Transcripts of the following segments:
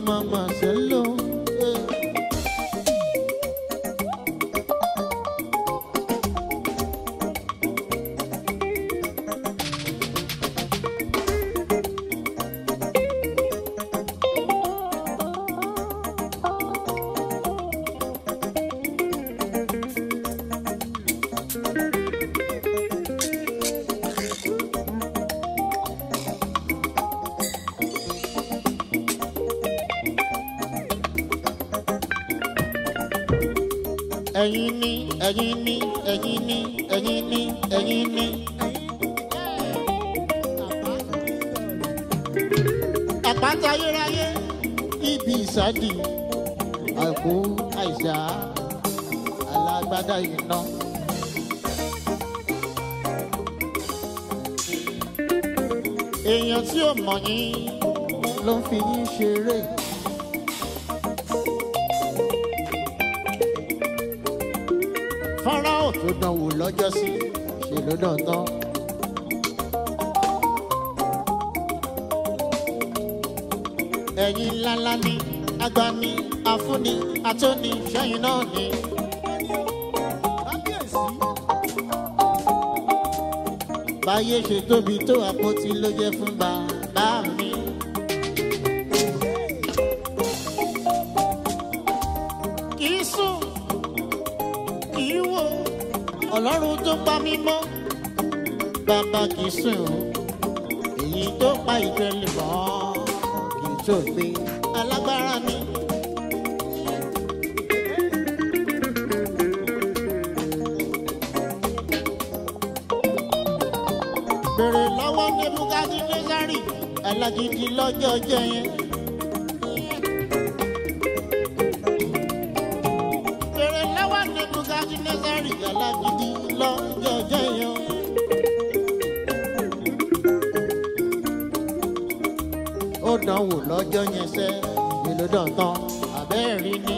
mama, sell ẹ̀yin ni ẹ̀yin ni ẹ̀yin ni ẹ̀yin ni. àpáta ayérayé ibi ìsádi àgbo àìsà alágbádá iná. èèyàn tí ò mọ̀ yín ló ń fi yín ṣeré. atóni ṣẹ́yìn náà ni. báyé ṣe tóbi tó àpótí ló jẹ́ fún bàbá mi. kì í sùn kì í wò ọlọ́run tó pa mí mọ́ bàbá kì í sùn èyí tó pa ìtẹ̀lẹ̀ mọ́ kì í tó gbé. alágídí sárì alágídí lọ́jọ́ ọjọ́ yẹn. bèrè lọ́wọ́ ní bùkátì ní sárì alágídí lọ́jọ́ ọjọ́ ó dánwò lọ́jọ́ yẹn sẹ́ mi ló dàn ni.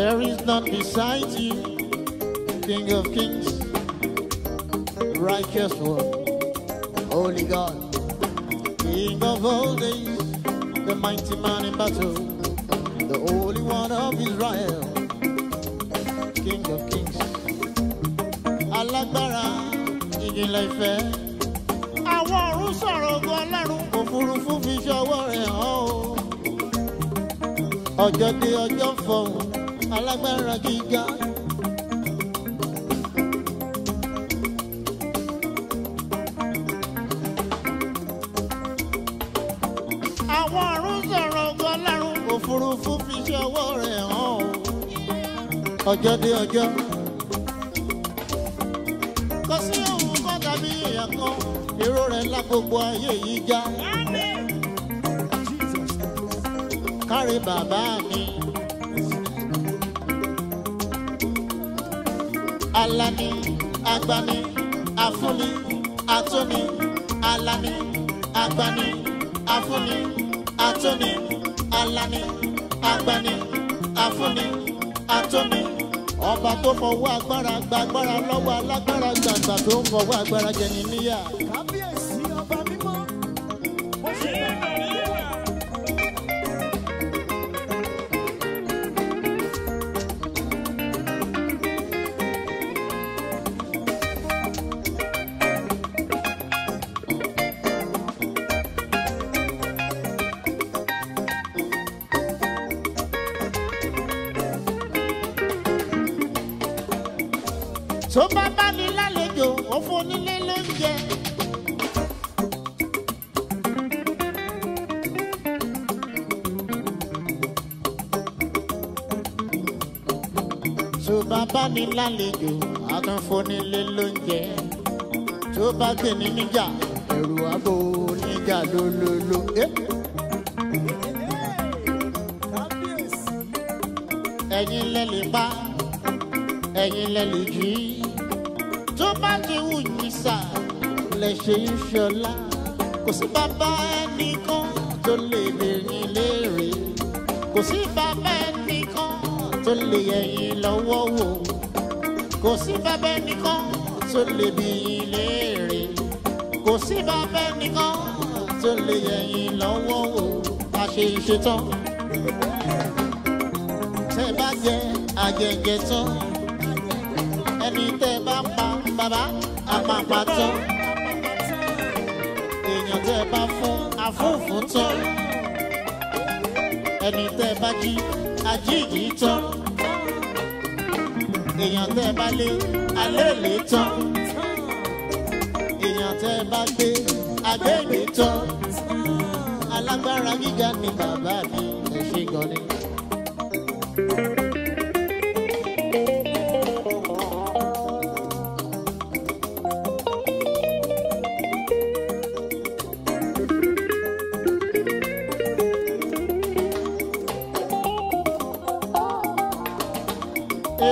There is none besides you, King of kings, righteous one, holy God, King of all days, the mighty man in battle, the Holy One of Israel, King of kings, alágbára Ọjọ́ dé ọjọ́ alágbára gíga. àwọn ọ̀run sọ̀rọ̀ ọgọ́lárùn òfurufú fi ṣe ọwọ́ rẹ̀ hàn ó. ọjọ́ dé ọjọ́. kò sí òun kọ́ tàbí èèyàn kan èrò rẹ̀ la gbogbo ayé yìí já. kárí bàbá mi. alani agbani afúni Atoni, alani agbani afúni Atoni, alani agbani afúni Atoni. ọba tó fọwọ́ agbára gba agbára lọ́wọ́ alágbára gbàgbà tó ń fọwọ́ agbára jẹni níyà. tó bá bá ní lálejò ó fún onílé lóúnjẹ. tó bá bá ní lálejò á tún fún onílé lóúnjẹ tó bá gbè ní níjà ẹ̀rù àbò níjà lólólo. ẹ̀yin lẹ́lẹ̀ pa ẹ̀yin lẹ́lẹ̀ jù í bá ti wù yín sà lè ṣe ń ṣọlá kò sí bàbá ẹnìkan tó lè bèrè léèrè kò sí bàbá ẹnìkan tó lè yẹ̀yìn lọ́wọ́ wò kò sí bàbá ẹnìkan tó lè bí léèrè kò sí bàbá ẹnìkan tó lè yẹ̀yìn lọ́wọ́ wò bá ṣe ṣetán tẹ́ bá jẹ àjẹjẹ tán. Baba, àpàpàtàn èèyàn tẹ́ ẹ bá fún afúnfún tán ẹni tẹ́ ẹ bá jí ajíjì tán èèyàn tẹ́ ẹ bá lé alẹ́ lè tán èèyàn tẹ́ ẹ bá gbé agbègbè tán alágbára gíga ni bàbá mi ẹ ṣe gan ni.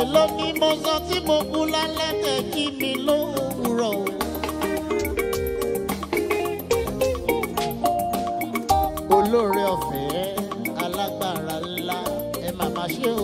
èló ni mo sọ tí mo kú lálẹ́ tẹ̀ kí mi lówùrọ̀ o. olóore ọ̀fẹ́ alágbára ńlá ẹ má má o.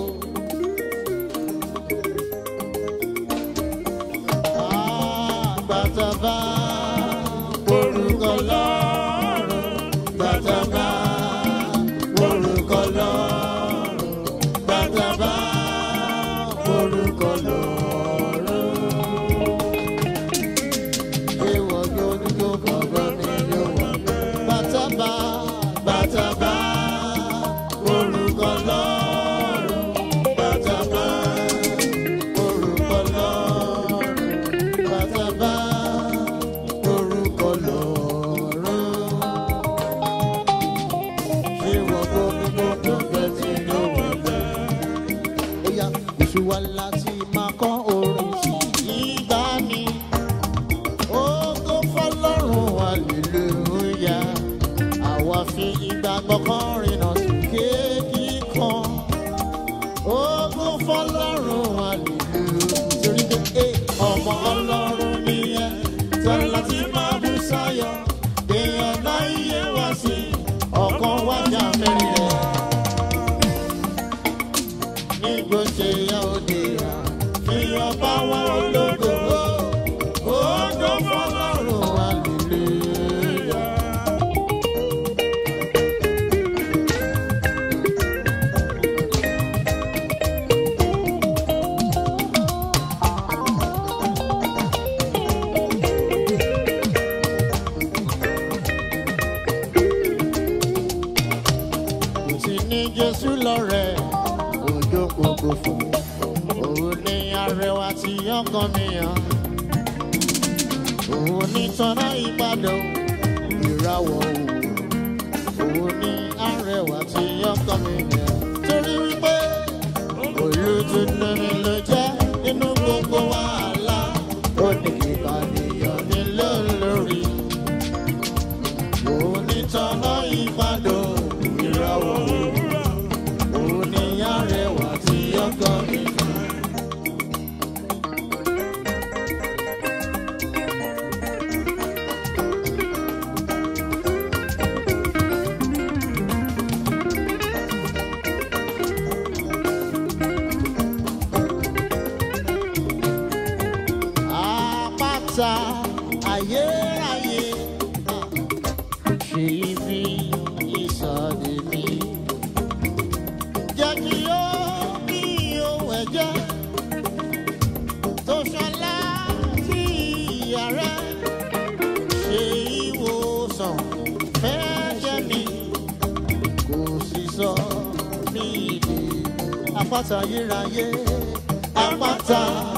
ayérayé àpáta.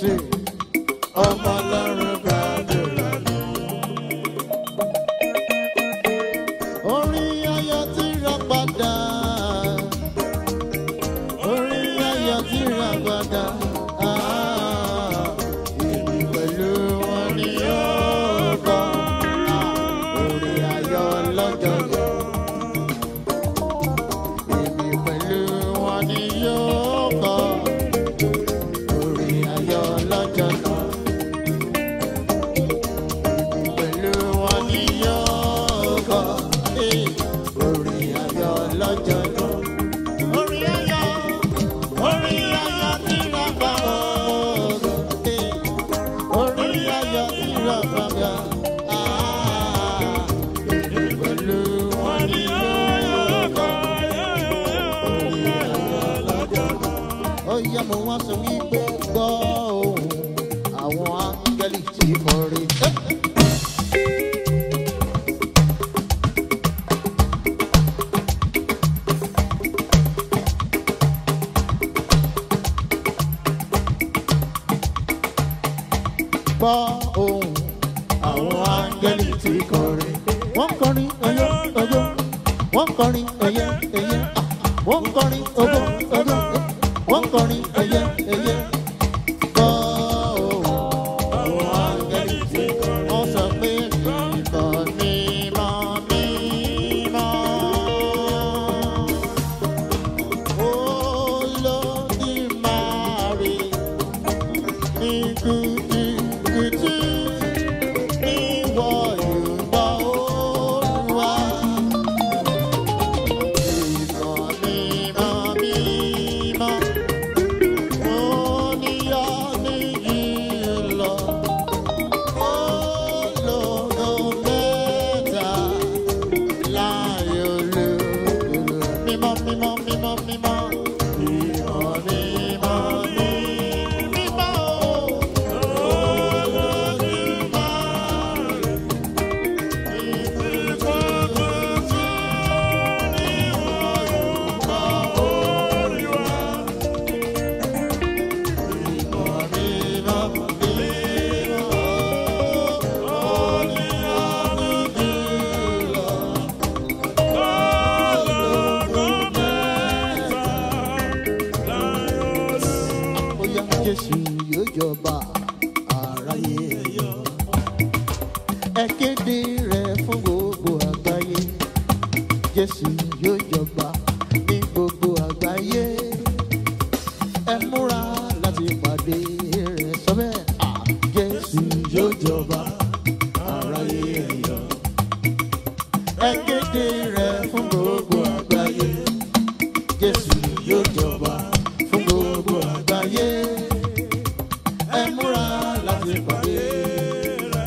você.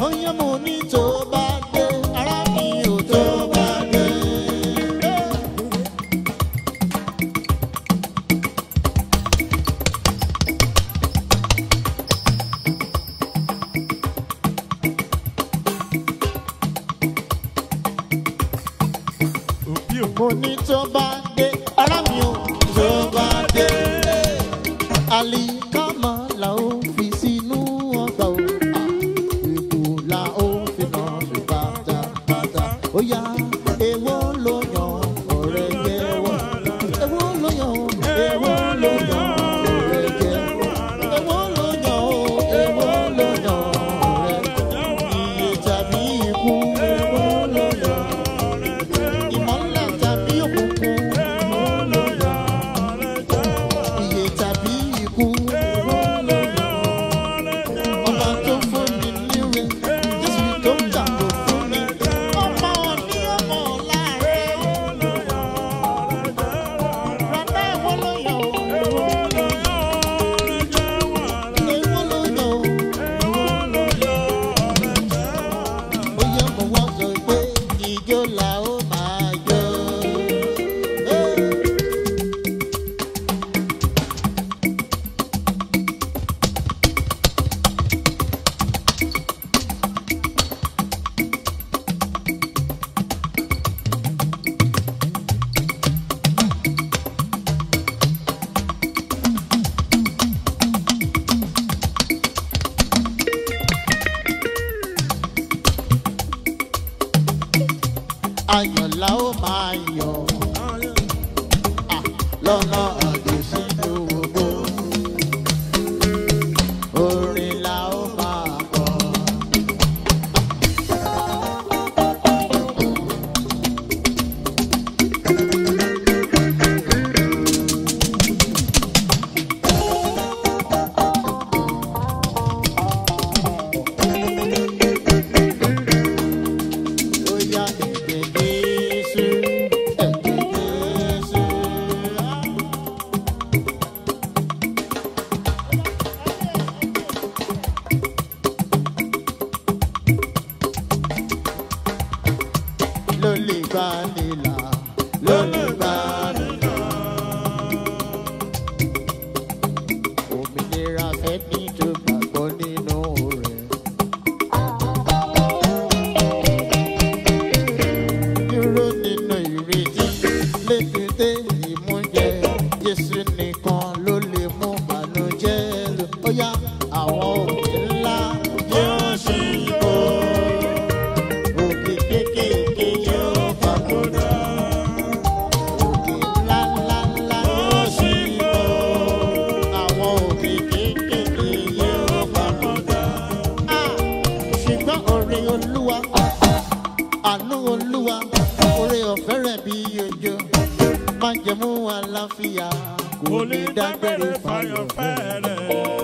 ọyàn mo ní tó bá ayọ̀ la ó máa yọ̀ ah, lọ́nà. fire, fire.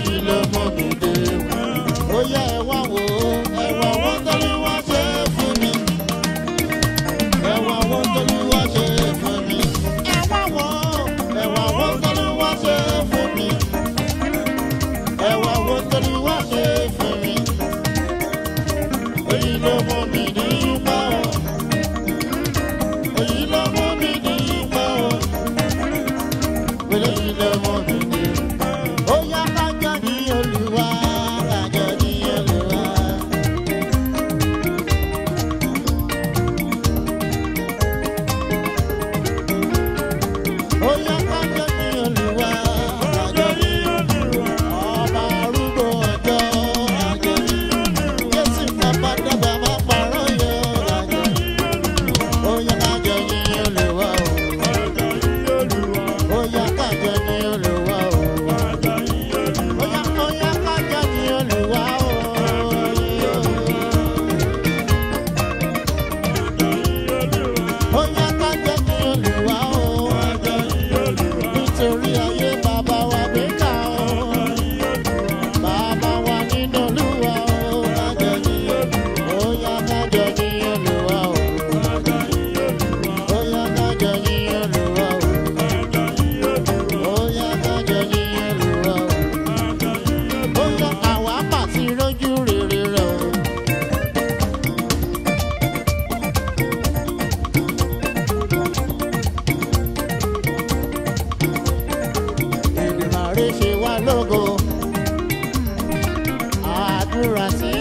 know lójoojúmọ́. ṣe wá lógo àdúrà sí.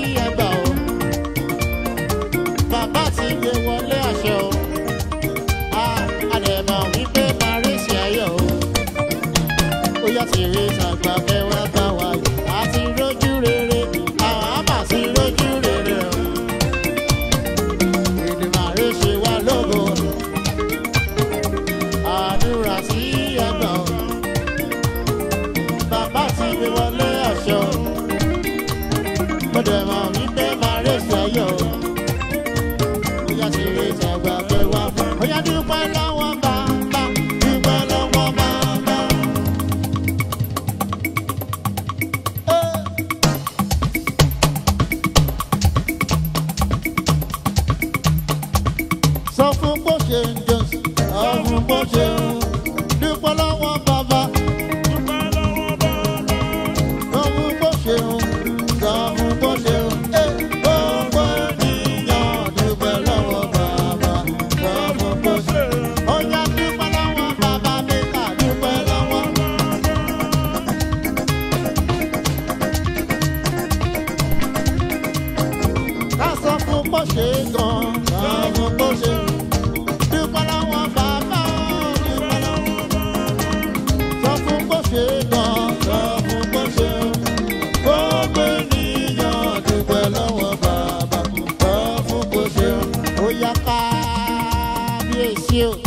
you.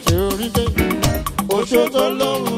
òkè orí dé. Oṣó tó lóhùn.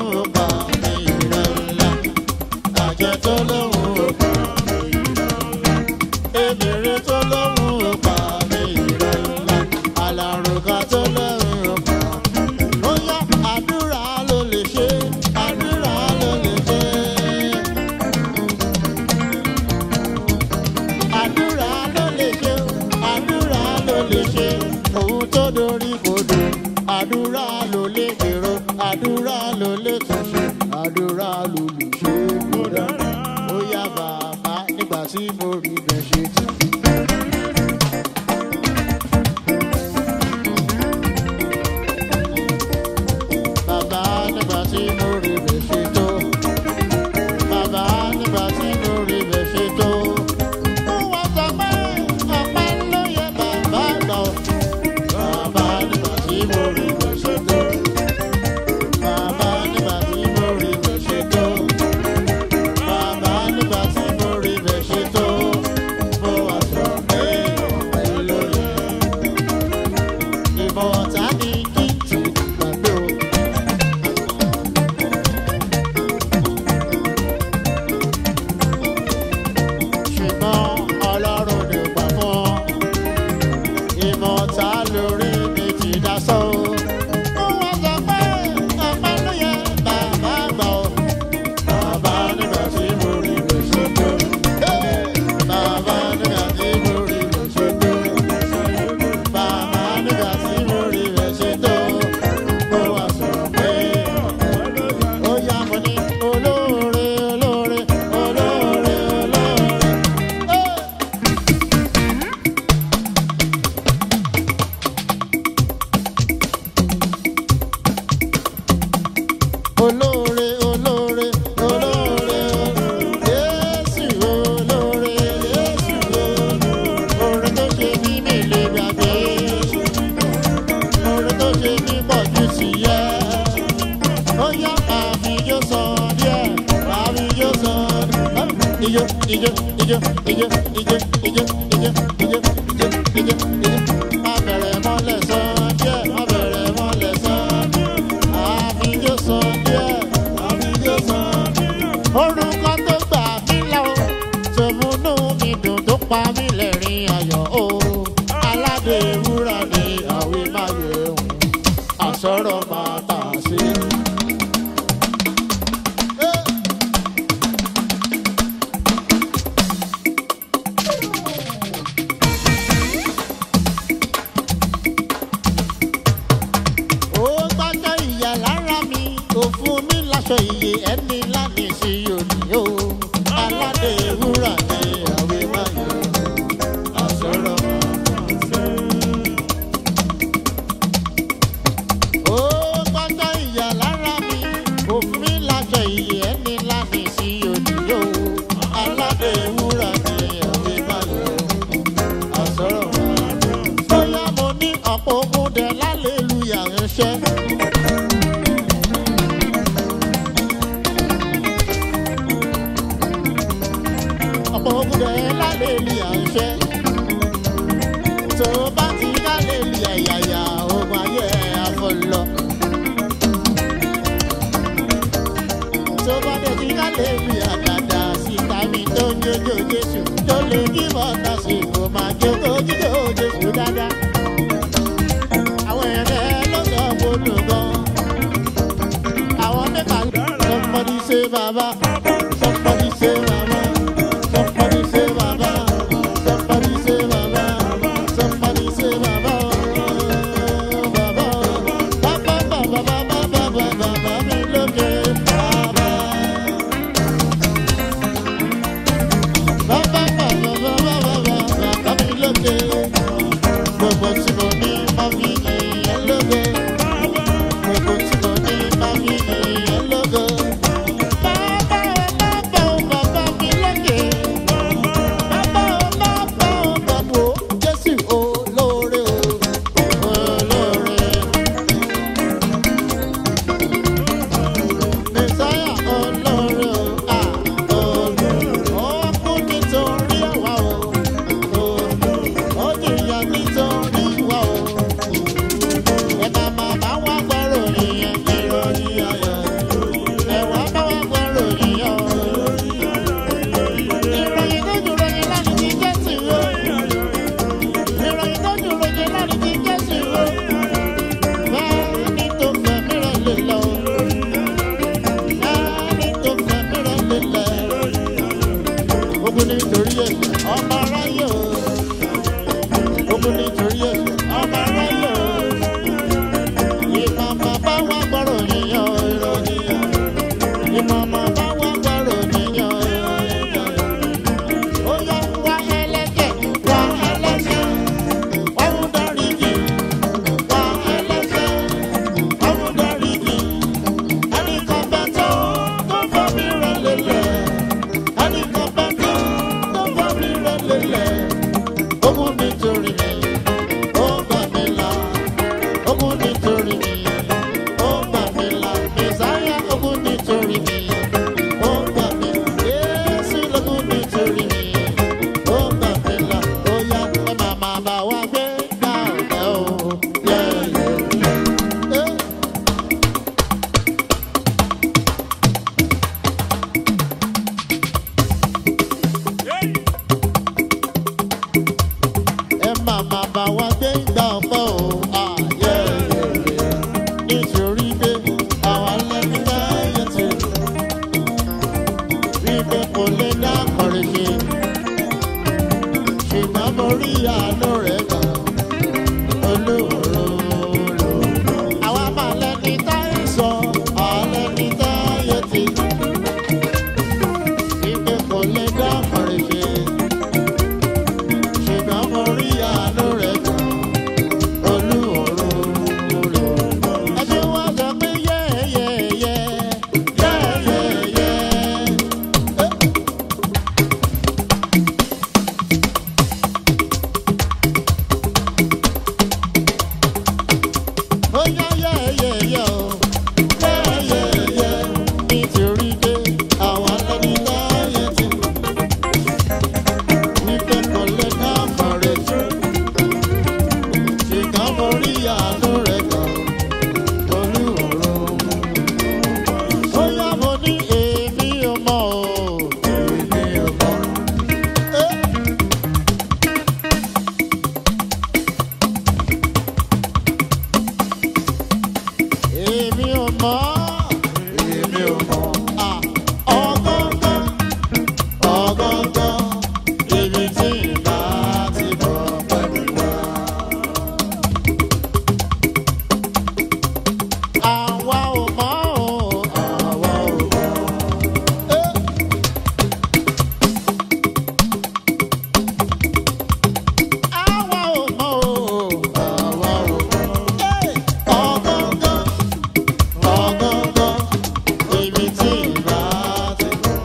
Maria. àná.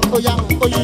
Oh yeah, oh yeah.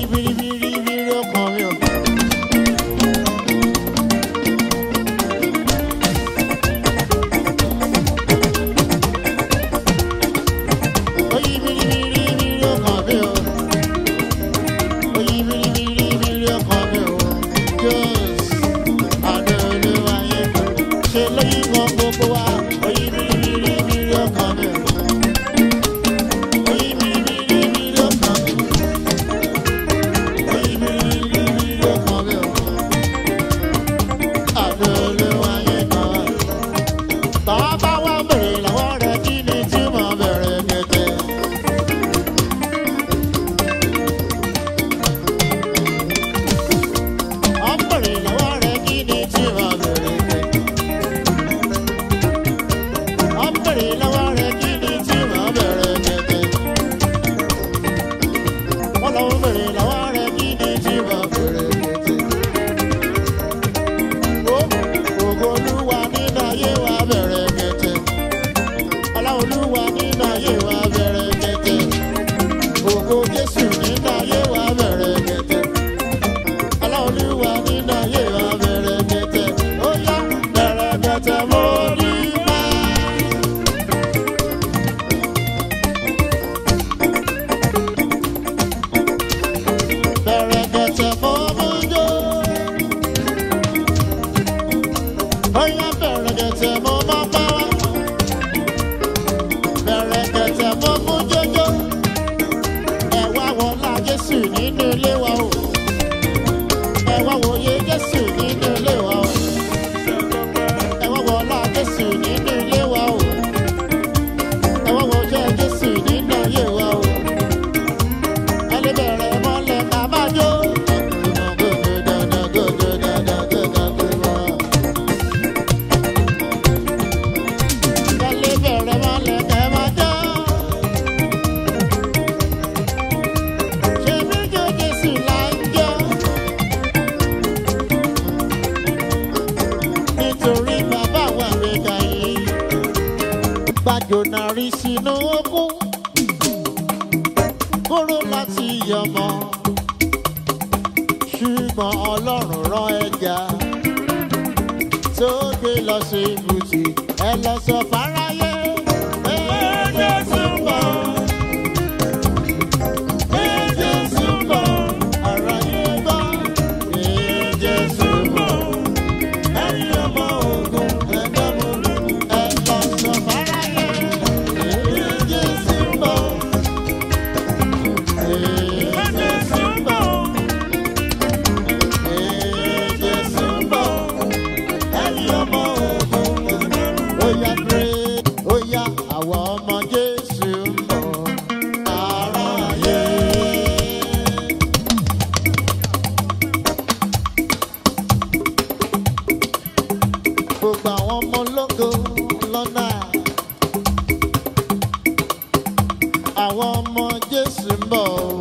也什梦。